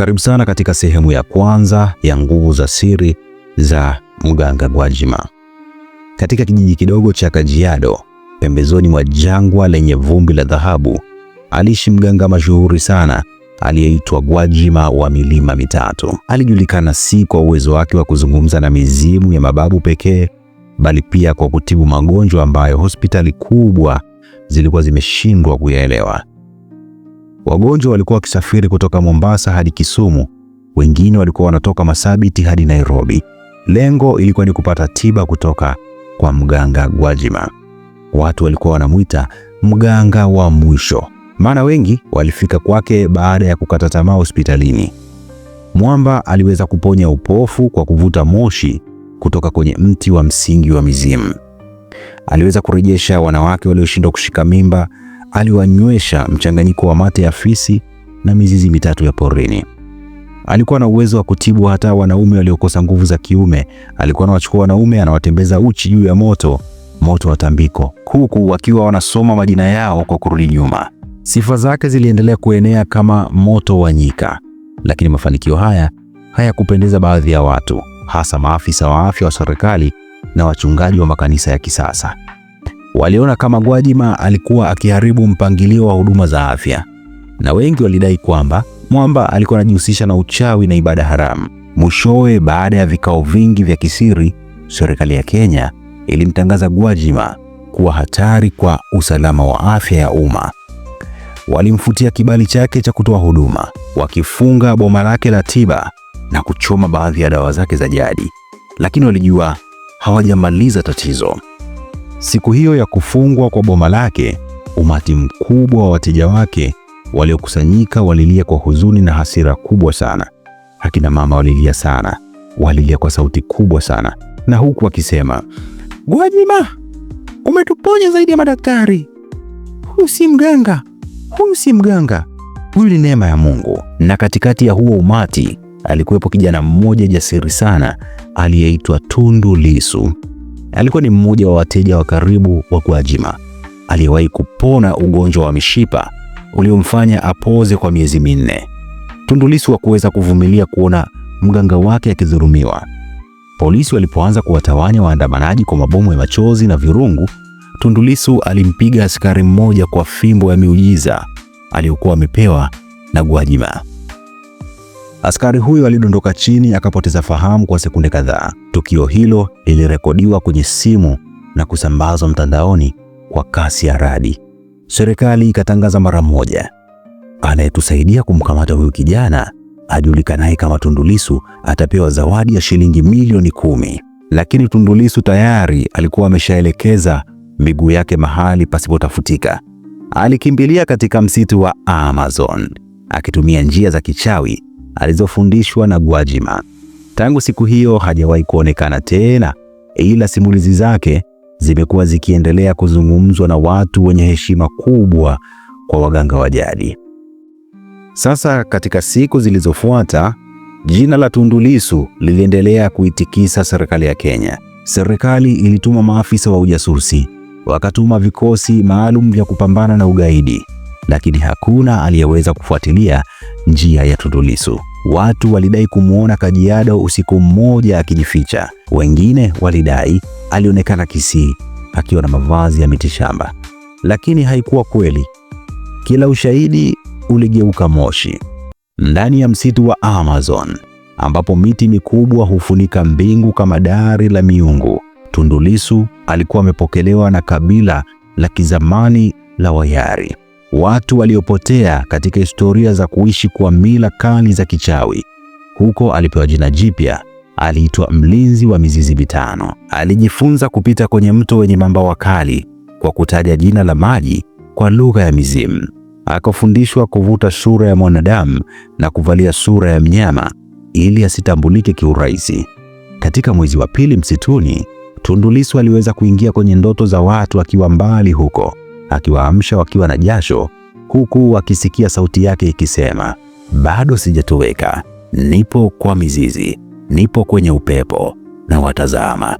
Karibu sana katika sehemu ya kwanza ya nguvu za siri za mganga Gwajima. Katika kijiji kidogo cha Kajiado, pembezoni mwa jangwa lenye vumbi la dhahabu, aliishi mganga mashuhuri sana aliyeitwa Gwajima wa milima mitatu. Alijulikana si kwa uwezo wake wa kuzungumza na mizimu ya mababu pekee, bali pia kwa kutibu magonjwa ambayo hospitali kubwa zilikuwa zimeshindwa kuyaelewa. Wagonjwa walikuwa wakisafiri kutoka Mombasa hadi Kisumu, wengine walikuwa wanatoka Masabiti hadi Nairobi. Lengo ilikuwa ni kupata tiba kutoka kwa mganga Gwajima. Watu walikuwa wanamwita mganga wa mwisho, maana wengi walifika kwake baada ya kukata tamaa hospitalini. Mwamba aliweza kuponya upofu kwa kuvuta moshi kutoka kwenye mti wa msingi wa mizimu. Aliweza kurejesha wanawake walioshindwa kushika mimba aliwanywesha mchanganyiko wa mate ya fisi na mizizi mitatu ya porini. Alikuwa na uwezo wa kutibu hata wanaume waliokosa nguvu za kiume. Alikuwa anawachukua wanaume anawatembeza uchi juu ya moto, moto wa tambiko, huku wakiwa wanasoma majina yao kwa kurudi nyuma. Sifa zake ziliendelea kuenea kama moto wa nyika, lakini mafanikio haya hayakupendeza baadhi ya watu, hasa maafisa wa afya wa serikali na wachungaji wa makanisa ya kisasa. Waliona kama Gwajima alikuwa akiharibu mpangilio wa huduma za afya, na wengi walidai kwamba Mwamba alikuwa anajihusisha na uchawi na ibada haramu. Mwishowe, baada ya vikao vingi vya kisiri, serikali ya Kenya ilimtangaza Gwajima kuwa hatari kwa usalama wa afya ya umma. Walimfutia kibali chake cha kutoa huduma, wakifunga boma lake la tiba na kuchoma baadhi ya dawa zake za jadi, lakini walijua hawajamaliza tatizo. Siku hiyo ya kufungwa kwa boma lake, umati mkubwa wa wateja wake waliokusanyika walilia kwa huzuni na hasira kubwa sana. Akina mama walilia sana, walilia kwa sauti kubwa sana, na huku wakisema, Gwajima, umetuponya zaidi ya madaktari. Huyu si mganga, huyu si mganga, huyu ni neema ya Mungu. Na katikati ya huo umati alikuwepo kijana mmoja jasiri sana aliyeitwa Tundu Lisu. Alikuwa ni mmoja wa wateja wa karibu wa Gwajima aliyewahi kupona ugonjwa wa mishipa uliomfanya apoze kwa miezi minne. Tundu Lissu hakuweza kuvumilia kuona mganga wake akidhulumiwa. Polisi walipoanza kuwatawanya waandamanaji kwa mabomu ya machozi na virungu, Tundu Lissu alimpiga askari mmoja kwa fimbo ya miujiza aliyokuwa amepewa na Gwajima. Askari huyo alidondoka chini akapoteza fahamu kwa sekunde kadhaa. Tukio hilo lilirekodiwa kwenye simu na kusambazwa mtandaoni kwa kasi ya radi. Serikali ikatangaza mara moja, anayetusaidia kumkamata huyu kijana ajulikanaye kama Tundulisu atapewa zawadi ya shilingi milioni kumi. Lakini Tundulisu tayari alikuwa ameshaelekeza miguu yake mahali pasipotafutika. Alikimbilia katika msitu wa Amazon akitumia njia za kichawi alizofundishwa na Gwajima. Tangu siku hiyo hajawahi kuonekana tena, ila simulizi zake zimekuwa zikiendelea kuzungumzwa na watu wenye heshima kubwa kwa waganga wa jadi. Sasa katika siku zilizofuata, jina la Tundu Lissu liliendelea kuitikisa serikali ya Kenya. Serikali ilituma maafisa wa ujasusi, wakatuma vikosi maalum vya kupambana na ugaidi lakini hakuna aliyeweza kufuatilia njia ya Tundu Lissu. Watu walidai kumwona Kajiado usiku mmoja akijificha. Wengine walidai alionekana Kisii akiwa na mavazi ya mitishamba, lakini haikuwa kweli. Kila ushahidi uligeuka moshi ndani ya msitu wa Amazon ambapo miti mikubwa hufunika mbingu kama dari la miungu. Tundu Lissu alikuwa amepokelewa na kabila la kizamani la Wayari watu waliopotea katika historia za kuishi kwa mila kali za kichawi. Huko alipewa jina jipya, aliitwa mlinzi wa mizizi mitano. Alijifunza kupita kwenye mto wenye mamba wakali kwa kutaja jina la maji kwa lugha ya mizimu. Akafundishwa kuvuta sura ya mwanadamu na kuvalia sura ya mnyama ili asitambulike kiurahisi. Katika mwezi wa pili msituni, Tundu Lissu aliweza kuingia kwenye ndoto za watu akiwa mbali huko akiwaamsha wakiwa na jasho, huku wakisikia sauti yake ikisema, bado sijatoweka, nipo kwa mizizi, nipo kwenye upepo na watazama.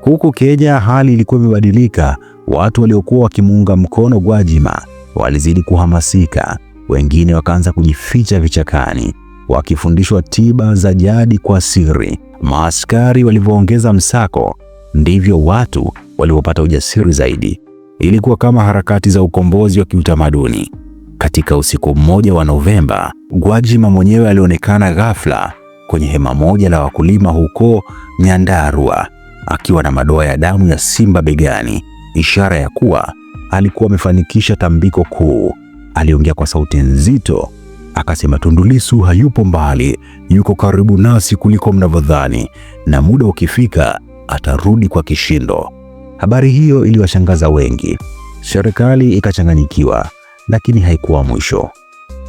Huku Kenya hali ilikuwa imebadilika. Watu waliokuwa wakimuunga mkono Gwajima walizidi kuhamasika, wengine wakaanza kujificha vichakani, wakifundishwa tiba za jadi kwa siri. Maaskari walivyoongeza msako, ndivyo watu walivyopata ujasiri zaidi ilikuwa kama harakati za ukombozi wa kiutamaduni. Katika usiku mmoja wa Novemba, Gwajima mwenyewe alionekana ghafla kwenye hema moja la wakulima huko Nyandarua akiwa na madoa ya damu ya simba begani, ishara ya kuwa alikuwa amefanikisha tambiko kuu. Aliongea kwa sauti nzito akasema, Tundu Lissu hayupo mbali, yuko karibu nasi kuliko mnavyodhani, na muda ukifika atarudi kwa kishindo. Habari hiyo iliwashangaza wengi, serikali ikachanganyikiwa, lakini haikuwa mwisho.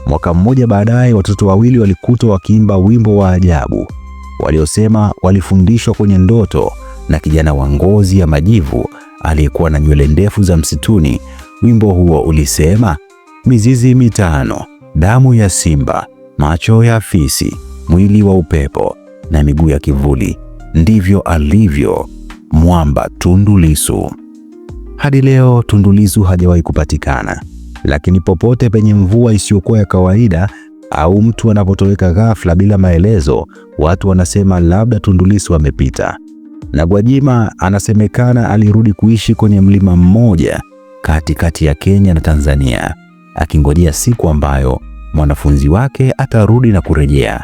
Mwaka mmoja baadaye, watoto wawili walikutwa wakiimba wimbo wa ajabu waliosema walifundishwa kwenye ndoto na kijana wa ngozi ya majivu aliyekuwa na nywele ndefu za msituni. Wimbo huo ulisema: mizizi mitano, damu ya simba, macho ya fisi, mwili wa upepo na miguu ya kivuli, ndivyo alivyo mwamba Tundu Lissu. Hadi leo Tundu Lissu hajawahi kupatikana, lakini popote penye mvua isiyokuwa ya kawaida au mtu anapotoweka ghafla bila maelezo, watu wanasema labda Tundu Lissu amepita. Na Gwajima anasemekana alirudi kuishi kwenye mlima mmoja katikati kati ya Kenya na Tanzania, akingojea siku ambayo mwanafunzi wake atarudi na kurejea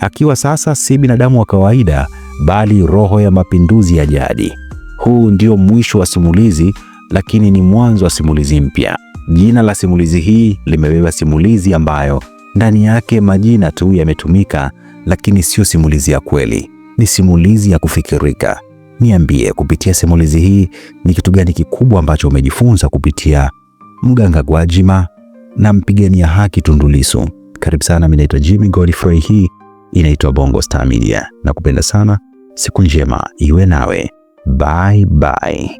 akiwa sasa si binadamu wa kawaida bali roho ya mapinduzi ya jadi. Huu ndio mwisho wa simulizi, lakini ni mwanzo wa simulizi mpya. Jina la simulizi hii limebeba simulizi ambayo ndani yake majina tu yametumika, lakini sio simulizi ya kweli, ni simulizi ya kufikirika. Niambie, kupitia simulizi hii ni kitu gani kikubwa ambacho umejifunza kupitia mganga Gwajima na mpigania haki Tundu Lissu? Karibu sana, mimi naitwa Jimmy Godfrey hii inaitwa Bongo Star Media. Nakupenda sana, siku njema iwe nawe. Bye bye.